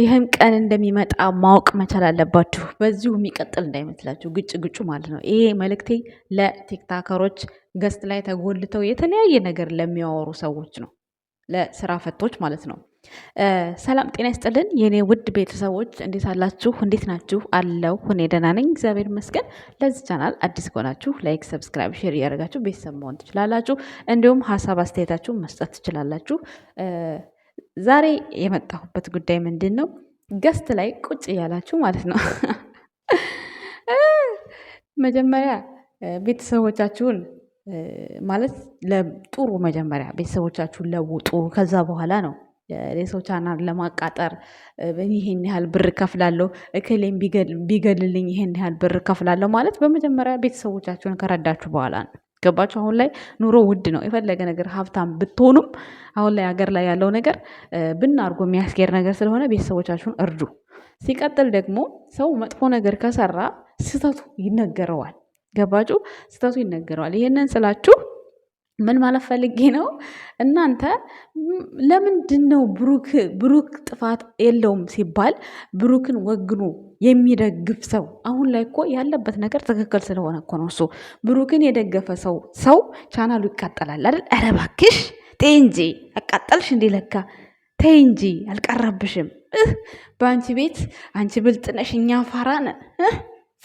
ይህም ቀን እንደሚመጣ ማወቅ መቻል አለባችሁ። በዚሁ የሚቀጥል እንዳይመስላችሁ ግጭ ግጩ ማለት ነው። ይሄ መልእክቴ ለቲክታከሮች ገስት ላይ ተጎልተው የተለያየ ነገር ለሚያወሩ ሰዎች ነው፣ ለስራ ፈቶች ማለት ነው። ሰላም ጤና ይስጥልን የእኔ ውድ ቤተሰቦች እንዴት አላችሁ? እንዴት ናችሁ? አለው እኔ ደህና ነኝ፣ እግዚአብሔር ይመስገን። ለዚህ ቻናል አዲስ ከሆናችሁ ላይክ፣ ሰብስክራይብ፣ ሼር እያደረጋችሁ ቤተሰብ መሆን ትችላላችሁ። እንዲሁም ሀሳብ አስተያየታችሁ መስጠት ትችላላችሁ። ዛሬ የመጣሁበት ጉዳይ ምንድን ነው? ገስት ላይ ቁጭ እያላችሁ ማለት ነው መጀመሪያ ቤተሰቦቻችሁን ማለት ለጥሩ መጀመሪያ ቤተሰቦቻችሁን ለውጡ። ከዛ በኋላ ነው የሰው ቻናል ለማቃጠር ይሄን ያህል ብር ከፍላለሁ፣ እክሌም ቢገልልኝ ይሄን ያህል ብር ከፍላለሁ ማለት በመጀመሪያ ቤተሰቦቻችሁን ከረዳችሁ በኋላ ነው። ገባችሁ? አሁን ላይ ኑሮ ውድ ነው። የፈለገ ነገር ሀብታም ብትሆኑም አሁን ላይ ሀገር ላይ ያለው ነገር ብናርጎ የሚያስጌር ነገር ስለሆነ ቤተሰቦቻችሁን እርዱ። ሲቀጥል ደግሞ ሰው መጥፎ ነገር ከሰራ ስህተቱ ይነገረዋል። ገባችሁ? ስህተቱ ይነገረዋል። ይህንን ስላችሁ ምን ማለት ፈልጌ ነው? እናንተ ለምንድን ነው ብሩክ ብሩክ ጥፋት የለውም ሲባል ብሩክን ወግኖ የሚደግፍ ሰው አሁን ላይ እኮ ያለበት ነገር ትክክል ስለሆነ እኮ ነው። እሱ ብሩክን የደገፈ ሰው ሰው ቻናሉ ይቃጠላል አይደል? ኧረ እባክሽ ተይ እንጂ አቃጠልሽ እንዴ? ለካ ተይ እንጂ አልቀረብሽም። በአንቺ ቤት አንቺ ብልጥ እኛ ፋራ ነን።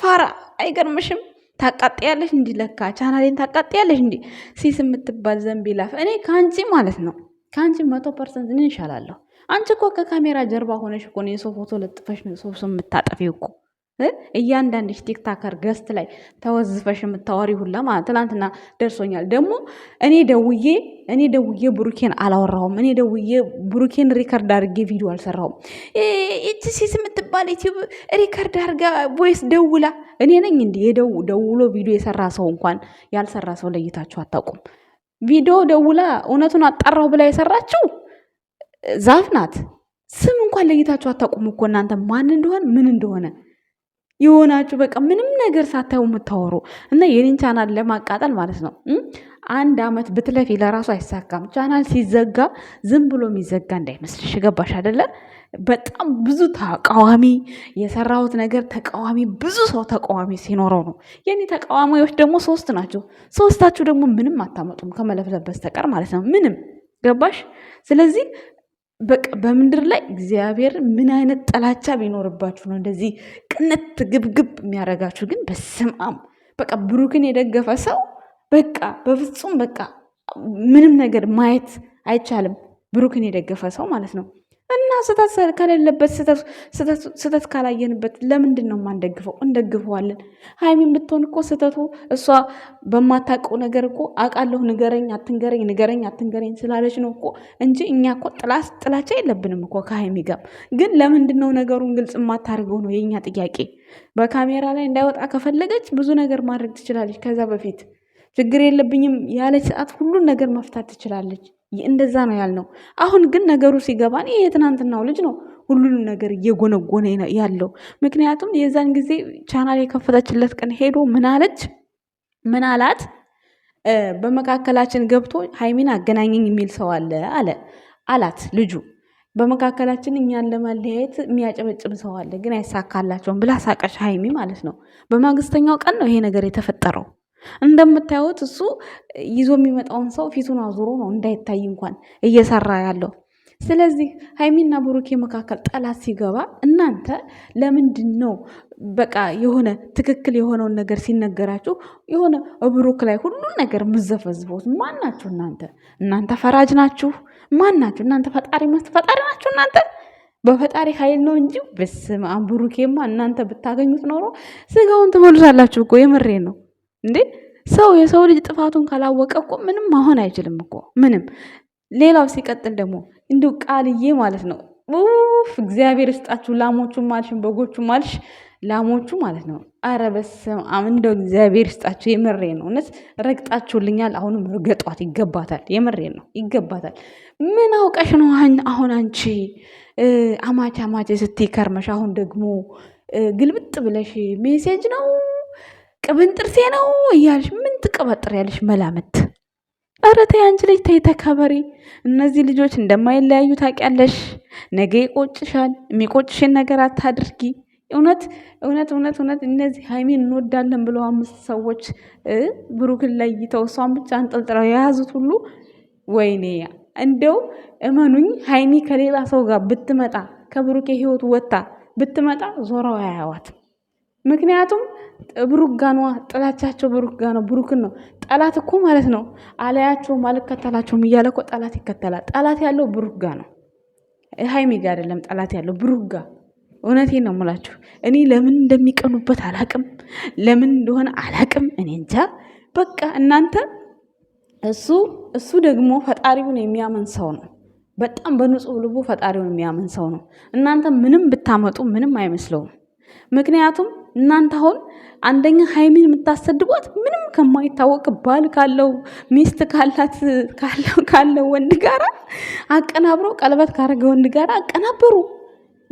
ፋራ አይገርምሽም? ታቃጥያለሽ እንዲ ለካ ቻናሌን ታቃጥያለሽ እንዲ ሲስ የምትባል ዘንቢላፍ እኔ ከአንቺ ማለት ነው ከአንቺ መቶ ፐርሰንት እኔ አንቺ እኮ ከካሜራ ጀርባ ሆነሽ እኮ የሰው ፎቶ ለጥፈሽ ነው ሰው ስም የምታጠፊው እኮ እያንዳንድሽ ቲክታከር ገስት ላይ ተወዝፈሽ የምታወሪ ሁላ ማለት ትላንትና ደርሶኛል። ደግሞ እኔ ደውዬ እኔ ደውዬ ብሩኬን አላወራሁም። እኔ ደውዬ ብሩኬን ሪከርድ አድርጌ ቪዲዮ አልሰራሁም። ይቺ ሴት የምትባል ዩቲዩብ ሪከርድ አድርጋ ቮይስ ደውላ እኔ ነኝ እንዲ ደውሎ ቪዲዮ የሰራ ሰው እንኳን ያልሰራ ሰው ለይታችሁ አታውቁም። ቪዲዮ ደውላ እውነቱን አጣራሁ ብላ የሰራችው ዛፍ ናት። ስም እንኳን ለይታችሁ አታውቁም እኮ እናንተ ማን እንደሆነ ምን እንደሆነ የሆናችሁ በቃ ምንም ነገር ሳታዩ የምታወሩ እና የኔን ቻናል ለማቃጠል ማለት ነው። አንድ አመት ብትለፊ ለራሱ አይሳካም። ቻናል ሲዘጋ ዝም ብሎ የሚዘጋ እንዳይመስልሽ። ገባሽ አደለ? በጣም ብዙ ተቃዋሚ የሰራሁት ነገር ተቃዋሚ ብዙ ሰው ተቃዋሚ ሲኖረው ነው። የኔ ተቃዋሚዎች ደግሞ ሶስት ናቸው። ሶስታችሁ ደግሞ ምንም አታመጡም ከመለፍለፍ በስተቀር ማለት ነው። ምንም ገባሽ? ስለዚህ በቃ በምድር ላይ እግዚአብሔር ምን አይነት ጥላቻ ቢኖርባችሁ ነው እንደዚህ ቅነት ግብግብ የሚያደርጋችሁ? ግን በስመ በቃ ብሩክን የደገፈ ሰው በቃ በፍጹም በቃ ምንም ነገር ማየት አይቻልም። ብሩክን የደገፈ ሰው ማለት ነው። እና ስህተት ከሌለበት ስህተት ካላየንበት ለምንድን ነው የማንደግፈው? እንደግፈዋለን። ሀይሚ የምትሆን እኮ ስህተቱ እሷ በማታውቀው ነገር እኮ አውቃለሁ፣ ንገረኝ አትንገረኝ፣ ንገረኝ አትንገረኝ ስላለች ነው እኮ እንጂ እኛ እኮ ጥላቻ የለብንም እኮ ከሀይሚ ጋር። ግን ለምንድን ነው ነገሩን ግልጽ የማታደርገው ነው የእኛ ጥያቄ። በካሜራ ላይ እንዳይወጣ ከፈለገች ብዙ ነገር ማድረግ ትችላለች ከዛ በፊት ችግር የለብኝም ያለች ሰዓት ሁሉን ነገር መፍታት ትችላለች። እንደዛ ነው ያልነው። አሁን ግን ነገሩ ሲገባን ይህ የትናንትናው ልጅ ነው ሁሉንም ነገር እየጎነጎነ ያለው። ምክንያቱም የዛን ጊዜ ቻናል የከፈተችለት ቀን ሄዶ ምናለች ምናላት በመካከላችን ገብቶ ሀይሚን አገናኘኝ የሚል ሰው አለ አለ አላት ልጁ በመካከላችን እኛን ለማለያየት የሚያጨበጭብ ሰው አለ፣ ግን አይሳካላቸውም ብላ ሳቀሽ ሀይሚ ማለት ነው። በማግስተኛው ቀን ነው ይሄ ነገር የተፈጠረው። እንደምታዩት እሱ ይዞ የሚመጣውን ሰው ፊቱን አዙሮ ነው እንዳይታይ እንኳን እየሰራ ያለው። ስለዚህ ሀይሚና ብሩኬ መካከል ጠላት ሲገባ እናንተ ለምንድን ነው በቃ የሆነ ትክክል የሆነውን ነገር ሲነገራችሁ የሆነ ብሩክ ላይ ሁሉን ነገር ምዘፈዝፎት ማን ናችሁ እናንተ? እናንተ ፈራጅ ናችሁ? ማን ናችሁ እናንተ? ፈጣሪ መስ ፈጣሪ ናችሁ እናንተ? በፈጣሪ ኃይል ነው እንጂ ብስም ብሩኬማ እናንተ ብታገኙት ኖሮ ስጋውን ትበሉታላችሁ እኮ የምሬ ነው። እንዴ ሰው የሰው ልጅ ጥፋቱን ካላወቀ እኮ ምንም መሆን አይችልም እኮ ምንም። ሌላው ሲቀጥል ደግሞ እንዲ ቃልዬ ማለት ነው ፍ እግዚአብሔር ስጣችሁ ላሞቹ ማልሽን በጎቹ ማልሽ ላሞቹ ማለት ነው። አረ በስመ አብ እንደው እግዚአብሔር ስጣችሁ። የምሬ ነው እውነት ረግጣችሁልኛል። አሁንም ርገጧት ይገባታል። የምሬ ነው ይገባታል። ምን አውቀሽ ነው አሁን አንቺ አማች አማች ስትከርመሽ፣ አሁን ደግሞ ግልብጥ ብለሽ ሜሴጅ ነው ቅብን ጥርሴ ነው እያልሽ ምን ትቀበጥር ያለሽ መላምት። ኧረ ተይ አንቺ ልጅ ተይ ተከበሪ። እነዚህ ልጆች እንደማይለያዩ ታውቂያለሽ። ነገ ይቆጭሻል። የሚቆጭሽን ነገር አታድርጊ። እውነት እውነት እውነት እውነት እነዚህ ሀይሜን እንወዳለን ብለው አምስት ሰዎች ብሩክን ለይተው እሷን ብቻ አንጠልጥለው የያዙት ሁሉ ወይኔ፣ እንደው እመኑኝ ሀይሚ ከሌላ ሰው ጋር ብትመጣ ከብሩኬ ህይወት ወጥታ ብትመጣ ዞረው አያዋት። ምክንያቱም ብሩክ ጋኗ ጥላቻቸው ብሩክ ጋ ነው። ብሩክን ነው ጠላት እኮ ማለት ነው። አላያቸውም አልከተላቸውም እያለ እኮ ጠላት ይከተላል። ጠላት ያለው ብሩክ ጋ ነው፣ ሀይሚ ጋ አይደለም። ጠላት ያለው ብሩክ ጋ። እውነቴን ነው የምላችሁ። እኔ ለምን እንደሚቀኑበት አላቅም፣ ለምን እንደሆነ አላቅም። እኔ እንጃ በቃ እናንተ። እሱ እሱ ደግሞ ፈጣሪውን የሚያምን ሰው ነው። በጣም በንጹህ ልቡ ፈጣሪውን የሚያምን ሰው ነው። እናንተ ምንም ብታመጡ ምንም አይመስለውም። ምክንያቱም እናንተ አሁን አንደኛ ሀይሚን የምታሰድቧት ምንም ከማይታወቅ ባል ካለው ሚስት ካላት ካለው ወንድ ጋራ አቀናብረው ቀለበት ካረገ ወንድ ጋራ አቀናበሩ።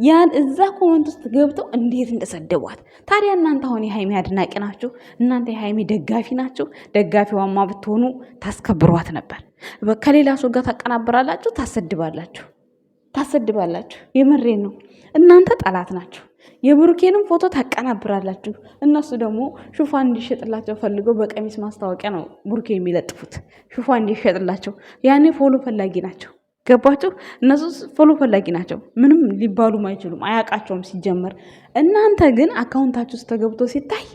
ያን እዛ ኮመንት ውስጥ ገብተው እንዴት እንደሰደቧት። ታዲያ እናንተ አሁን የሀይሚ አድናቂ ናችሁ፣ እናንተ የሀይሚ ደጋፊ ናችሁ። ደጋፊዋማ ብትሆኑ ታስከብሯት ነበር። ከሌላ ሰው ጋር ታቀናብራላችሁ፣ ታሰድባላችሁ፣ ታሰድባላችሁ። የምሬን ነው። እናንተ ጠላት ናችሁ። የብሩኬንም ፎቶ ታቀናብራላችሁ። እነሱ ደግሞ ሽፋን እንዲሸጥላቸው ፈልገው በቀሚስ ማስታወቂያ ነው ብሩኬ የሚለጥፉት፣ ሽፋን እንዲሸጥላቸው። ያኔ ፎሎ ፈላጊ ናቸው። ገባችሁ? እነሱ ፎሎ ፈላጊ ናቸው። ምንም ሊባሉም አይችሉም፣ አያውቃቸውም ሲጀመር። እናንተ ግን አካውንታችሁ ውስጥ ተገብቶ ሲታይ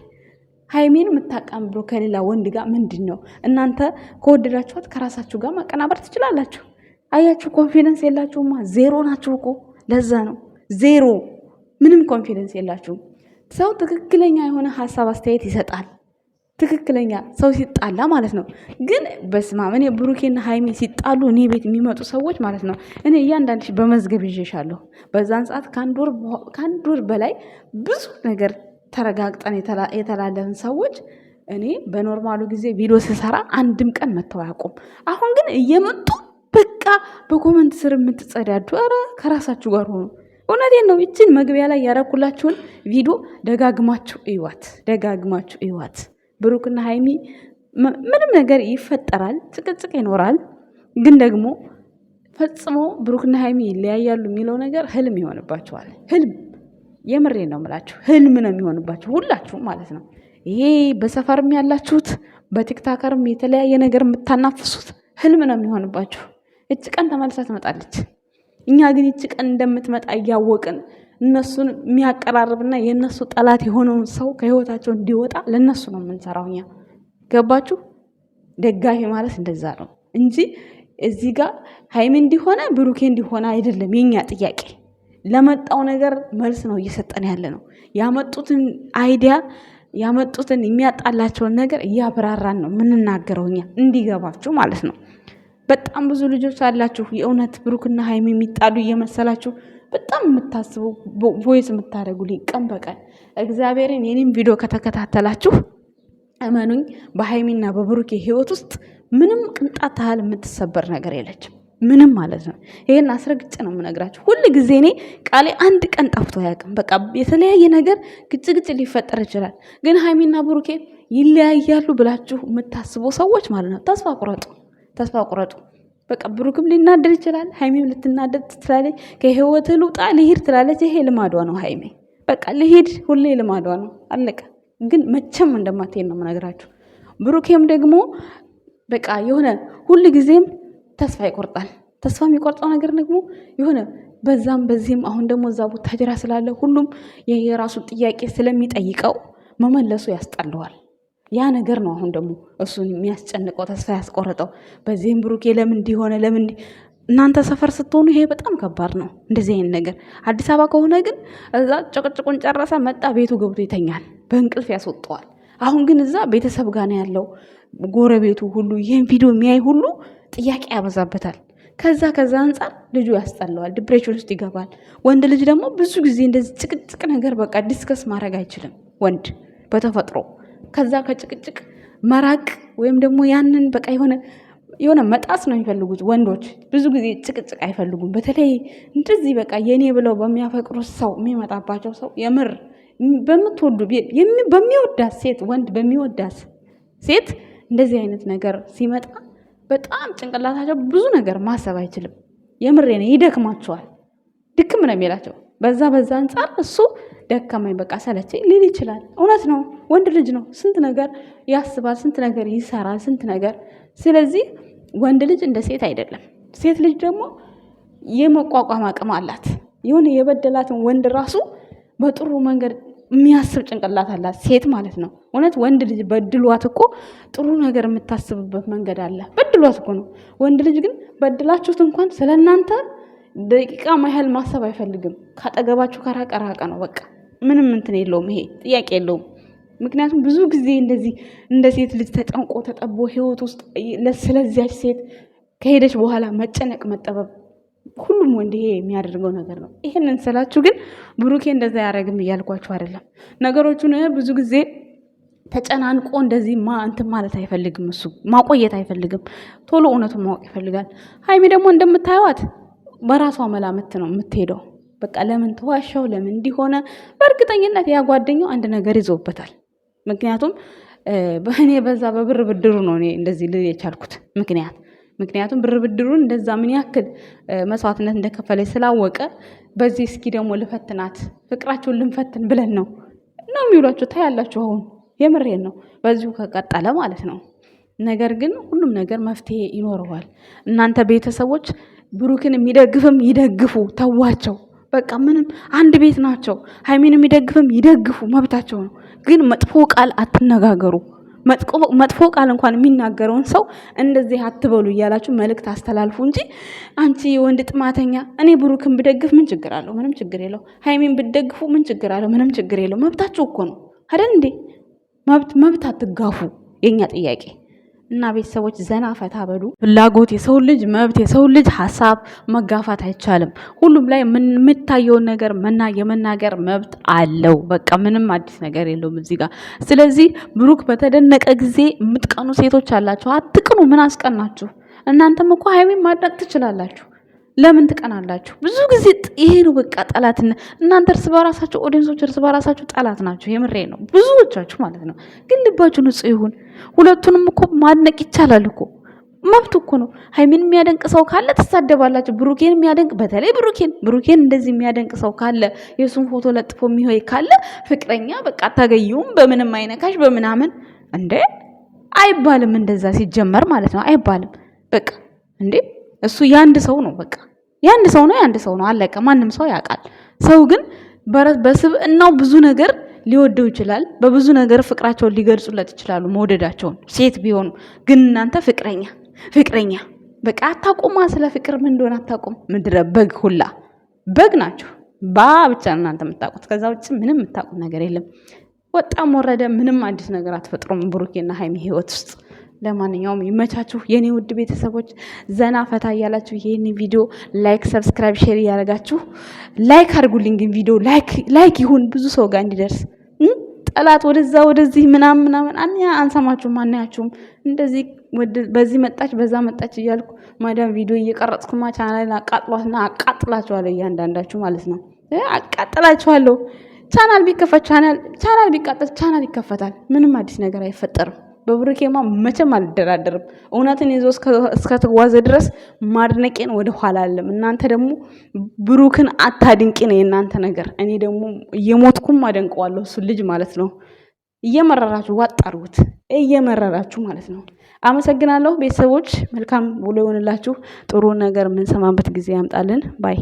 ሀይሜን የምታቀናብሮ ከሌላ ወንድ ጋር ምንድን ነው? እናንተ ከወደዳችኋት ከራሳችሁ ጋር ማቀናበር ትችላላችሁ። አያችሁ፣ ኮንፊደንስ የላችሁማ። ዜሮ ናችሁ እኮ ለዛ ነው ዜሮ ምንም ኮንፊደንስ የላችሁም። ሰው ትክክለኛ የሆነ ሀሳብ አስተያየት ይሰጣል። ትክክለኛ ሰው ሲጣላ ማለት ነው። ግን በስመ እኔ ብሩኬና ሀይሜ ሲጣሉ እኔ ቤት የሚመጡ ሰዎች ማለት ነው እኔ እያንዳንድ በመዝገብ ይዤሻለሁ። በዛን ሰዓት ከአንድ ወር በላይ ብዙ ነገር ተረጋግጠን የተላለፍን ሰዎች እኔ በኖርማሉ ጊዜ ቪዲዮ ስሰራ አንድም ቀን መተው አያውቁም። አሁን ግን እየመጡ በቃ በኮመንት ስር የምትጸዳዱ፣ ኧረ ከራሳችሁ ጋር ሆኑ። እውነቴን ነው። ይችን መግቢያ ላይ ያረኩላችሁን ቪዲዮ ደጋግማችሁ እዩዋት፣ ደጋግማችሁ እዩዋት። ብሩክና ሀይሚ ምንም ነገር ይፈጠራል፣ ጭቅጭቅ ይኖራል። ግን ደግሞ ፈጽሞ ብሩክና ሀይሚ ይለያያሉ የሚለው ነገር ህልም ይሆንባችኋል። ህልም የምሬ ነው ምላችሁ፣ ህልም ነው የሚሆንባችሁ ሁላችሁ ማለት ነው። ይሄ በሰፈርም ያላችሁት በቲክታከርም የተለያየ ነገር የምታናፍሱት ህልም ነው የሚሆንባችሁ። እች ቀን ተመልሳ ትመጣለች። እኛ ግን ይቺ ቀን እንደምትመጣ እያወቅን እነሱን የሚያቀራርብና የእነሱ ጠላት የሆነውን ሰው ከህይወታቸው እንዲወጣ ለእነሱ ነው የምንሰራው። እኛ ገባችሁ? ደጋፊ ማለት እንደዛ ነው እንጂ እዚህ ጋር ሀይሜ እንዲሆነ ብሩኬ እንዲሆነ አይደለም የኛ ጥያቄ። ለመጣው ነገር መልስ ነው እየሰጠን ያለ ነው። ያመጡትን አይዲያ ያመጡትን የሚያጣላቸውን ነገር እያብራራን ነው የምንናገረው እኛ እንዲገባችሁ ማለት ነው። በጣም ብዙ ልጆች አላችሁ። የእውነት ብሩክና ሀይሚ የሚጣሉ እየመሰላችሁ በጣም የምታስቡ ቮይስ የምታደርጉልኝ ቀን በቀን እግዚአብሔርን የኔም ቪዲዮ ከተከታተላችሁ እመኑኝ በሀይሚና በብሩኬ ህይወት ውስጥ ምንም ቅንጣት ታህል የምትሰበር ነገር የለችም። ምንም ማለት ነው። ይህን አስረግጭ ነው የምነግራችሁ። ሁል ጊዜ እኔ ቃሌ አንድ ቀን ጠፍቶ አያውቅም። በቃ የተለያየ ነገር ግጭግጭ ሊፈጠር ይችላል። ግን ሀይሚና ብሩኬ ይለያያሉ ብላችሁ የምታስቡ ሰዎች ማለት ነው ተስፋ ቁረጡ። ተስፋ ቁረጡ። በቃ ብሩክም ሊናደር ይችላል፣ ሀይሜም ልትናደር ትችላለች። ከህይወት ልውጣ ልሂድ ትላለች። ይሄ ልማዷ ነው ሀይሜ። በቃ ልሂድ ሁሌ ልማዷ ነው። አለቀ። ግን መቼም እንደማትሄድ ነው የምነግራችሁ። ብሩኬም ደግሞ በቃ የሆነ ሁል ጊዜም ተስፋ ይቆርጣል። ተስፋ የሚቆርጠው ነገር ደግሞ የሆነ በዛም በዚህም አሁን ደግሞ እዛ ቦታ ጅራ ስላለ ሁሉም የራሱ ጥያቄ ስለሚጠይቀው መመለሱ ያስጠለዋል። ያ ነገር ነው አሁን ደግሞ እሱን የሚያስጨንቀው ተስፋ ያስቆረጠው። በዚህም ብሩኬ ለምን እንዲሆነ ለምን እናንተ ሰፈር ስትሆኑ ይሄ በጣም ከባድ ነው፣ እንደዚህ አይነት ነገር። አዲስ አበባ ከሆነ ግን እዛ ጭቅጭቁን ጨረሰ፣ መጣ፣ ቤቱ ገብቶ ይተኛል፣ በእንቅልፍ ያስወጠዋል። አሁን ግን እዛ ቤተሰብ ጋር ነው ያለው። ጎረቤቱ ሁሉ ይህን ቪዲዮ የሚያይ ሁሉ ጥያቄ ያበዛበታል። ከዛ ከዛ አንጻር ልጁ ያስጠላዋል፣ ዲፕሬሽን ውስጥ ይገባል። ወንድ ልጅ ደግሞ ብዙ ጊዜ እንደዚህ ጭቅጭቅ ነገር በቃ ዲስከስ ማድረግ አይችልም ወንድ በተፈጥሮ ከዛ ከጭቅጭቅ መራቅ ወይም ደግሞ ያንን በቃ የሆነ የሆነ መጣስ ነው የሚፈልጉት ወንዶች። ብዙ ጊዜ ጭቅጭቅ አይፈልጉም። በተለይ እንደዚህ በቃ የኔ ብለው በሚያፈቅሩት ሰው የሚመጣባቸው ሰው የምር በምትወዱ በሚወዳት ሴት ወንድ በሚወዳት ሴት እንደዚህ አይነት ነገር ሲመጣ በጣም ጭንቅላታቸው ብዙ ነገር ማሰብ አይችልም። የምሬ ነው፣ ይደክማቸዋል። ድክም ነው የሚላቸው። በዛ በዛ አንጻር እሱ ደከመኝ በቃ ሰለቸኝ ሊል ይችላል። እውነት ነው፣ ወንድ ልጅ ነው። ስንት ነገር ያስባል፣ ስንት ነገር ይሰራል፣ ስንት ነገር። ስለዚህ ወንድ ልጅ እንደ ሴት አይደለም። ሴት ልጅ ደግሞ የመቋቋም አቅም አላት። የሆነ የበደላትን ወንድ ራሱ በጥሩ መንገድ የሚያስብ ጭንቅላት አላት ሴት ማለት ነው። እውነት ወንድ ልጅ በድሏት እኮ ጥሩ ነገር የምታስብበት መንገድ አለ። በድሏት እኮ ነው። ወንድ ልጅ ግን በድላችሁት እንኳን ስለ እናንተ ደቂቃ ያህል ማሰብ አይፈልግም። ካጠገባችሁ ከራቀ ራቀ ነው በቃ። ምንም እንትን የለውም፣ ይሄ ጥያቄ የለውም። ምክንያቱም ብዙ ጊዜ እንደዚህ እንደ ሴት ልጅ ተጨንቆ ተጠቦ ህይወት ውስጥ ስለዚያች ሴት ከሄደች በኋላ መጨነቅ መጠበብ ሁሉም ወንድ ይሄ የሚያደርገው ነገር ነው። ይሄንን ስላችሁ ግን ብሩኬ እንደዛ ያደረግም እያልኳችሁ አይደለም። ነገሮቹን ብዙ ጊዜ ተጨናንቆ እንደዚህ ማ እንትን ማለት አይፈልግም። እሱ ማቆየት አይፈልግም። ቶሎ እውነቱን ማወቅ ይፈልጋል። ሀይሚ ደግሞ እንደምታየዋት በራሷ መላምት ነው የምትሄደው። በቃ ለምን ተዋሻው፣ ለምን እንዲሆነ። በእርግጠኝነት ያ ጓደኛው አንድ ነገር ይዞበታል። ምክንያቱም በእኔ በዛ በብር ብድሩ ነው እኔ እንደዚህ ልል የቻልኩት ምክንያት ምክንያቱም ብር ብድሩን እንደዛ ምን ያክል መስዋዕትነት እንደከፈለ ስላወቀ፣ በዚህ እስኪ ደግሞ ልፈትናት፣ ፍቅራቸውን ልንፈትን ብለን ነው ነው የሚውሏቸው። ታያላችሁ፣ አሁን የምሬን ነው። በዚሁ ከቀጠለ ማለት ነው። ነገር ግን ሁሉም ነገር መፍትሄ ይኖረዋል። እናንተ ቤተሰቦች ብሩክን የሚደግፍም ይደግፉ፣ ተዋቸው። በቃ ምንም አንድ ቤት ናቸው። ሀይሚን የሚደግፍም ይደግፉ፣ መብታቸው ነው። ግን መጥፎ ቃል አትነጋገሩ። መጥፎ ቃል እንኳን የሚናገረውን ሰው እንደዚህ አትበሉ እያላችሁ መልእክት አስተላልፉ እንጂ አንቺ የወንድ ጥማተኛ፣ እኔ ብሩክን ብደግፍ ምን ችግር አለው? ምንም ችግር የለው። ሀይሚን ብደግፉ ምን ችግር አለው? ምንም ችግር የለው። መብታችሁ እኮ ነው አይደል እንዴ? መብት መብት አትጋፉ። የእኛ ጥያቄ እና ቤተሰቦች ዘና ፈታ በሉ። ፍላጎት የሰውን ልጅ መብት የሰውን ልጅ ሀሳብ መጋፋት አይቻልም። ሁሉም ላይ የምታየውን ነገር የመናገር መብት አለው። በቃ ምንም አዲስ ነገር የለውም እዚህ ጋር። ስለዚህ ብሩክ በተደነቀ ጊዜ የምትቀኑ ሴቶች አላችሁ። አትቅኑ። ምን አስቀናችሁ? እናንተም እኮ ሀይሜን ማድረግ ትችላላችሁ። ለምን ትቀናላችሁ? ብዙ ጊዜ ይሄ ነው በቃ ጠላትና እናንተ እርስ በራሳችሁ ኦዲንሶች እርስ በራሳችሁ ጠላት ናችሁ። የምሬ ነው ብዙዎቻችሁ ማለት ነው። ግን ልባችሁ ንጹህ ይሁን። ሁለቱንም እኮ ማድነቅ ይቻላል እኮ መብቱ እኮ ነው። ሃይሚን የሚያደንቅ ሰው ካለ ትሳደባላችሁ። ብሩኬን የሚያደንቅ በተለይ ብሩኬን ብሩኬን እንደዚህ የሚያደንቅ ሰው ካለ የእሱን ፎቶ ለጥፎ የሚሆይ ካለ ፍቅረኛ በቃ አታገኘውም፣ በምንም አይነካሽ በምናምን እንዴ አይባልም። እንደዛ ሲጀመር ማለት ነው አይባልም በቃ እንዴ እሱ የአንድ ሰው ነው። በቃ የአንድ ሰው ነው፣ የአንድ ሰው ነው፣ አለቀ። ማንም ሰው ያውቃል። ሰው ግን በስብዕናው ብዙ ነገር ሊወደው ይችላል። በብዙ ነገር ፍቅራቸውን ሊገልጹለት ይችላሉ፣ መውደዳቸውን ሴት ቢሆኑ ግን እናንተ ፍቅረኛ ፍቅረኛ በቃ አታቁማ፣ ስለ ፍቅር ምን እንደሆነ አታቁም። ምድረ በግ ሁላ በግ ናቸው። ባ ብቻ እናንተ የምታውቁት ከዛ ውጭ ምንም የምታውቁት ነገር የለም። ወጣም ወረደ ምንም አዲስ ነገር አትፈጥሩም ብሩኬና ሀይሚ ህይወት ውስጥ ለማንኛውም ይመቻችሁ የኔ ውድ ቤተሰቦች፣ ዘና ፈታ እያላችሁ ይህን ቪዲዮ ላይክ፣ ሰብስክራይብ፣ ሼር እያደረጋችሁ ላይክ አድርጉልኝ። ግን ቪዲዮ ላይክ ይሁን ብዙ ሰው ጋር እንዲደርስ። ጠላት ወደዛ ወደዚህ ምናምን ምናምን አን አንሰማችሁም፣ አናያችሁም። እንደዚህ በዚህ መጣች በዛ መጣች እያልኩ ማዳም ቪዲዮ እየቀረጽኩማ ቻናሌን አቃጥሏትና አቃጥላችኋለሁ፣ እያንዳንዳችሁ ማለት ነው አቃጥላችኋለሁ። ቻናል ቢከፈት ቻናል ቢቃጠል ቻናል ይከፈታል። ምንም አዲስ ነገር አይፈጠርም። በብሩኬማ መቼም አልደራደርም። እውነትን ይዞ እስከተጓዘ ድረስ ማድነቄን ወደ ኋላ አለም። እናንተ ደግሞ ብሩክን አታድንቂ ነው የእናንተ ነገር። እኔ ደግሞ እየሞትኩም አደንቀዋለሁ እሱ ልጅ ማለት ነው። እየመረራችሁ ዋጥ አድርጉት፣ እየመረራችሁ ማለት ነው። አመሰግናለሁ ቤተሰቦች። መልካም ውሎ ይሆንላችሁ። ጥሩ ነገር የምንሰማበት ጊዜ ያምጣልን ባይ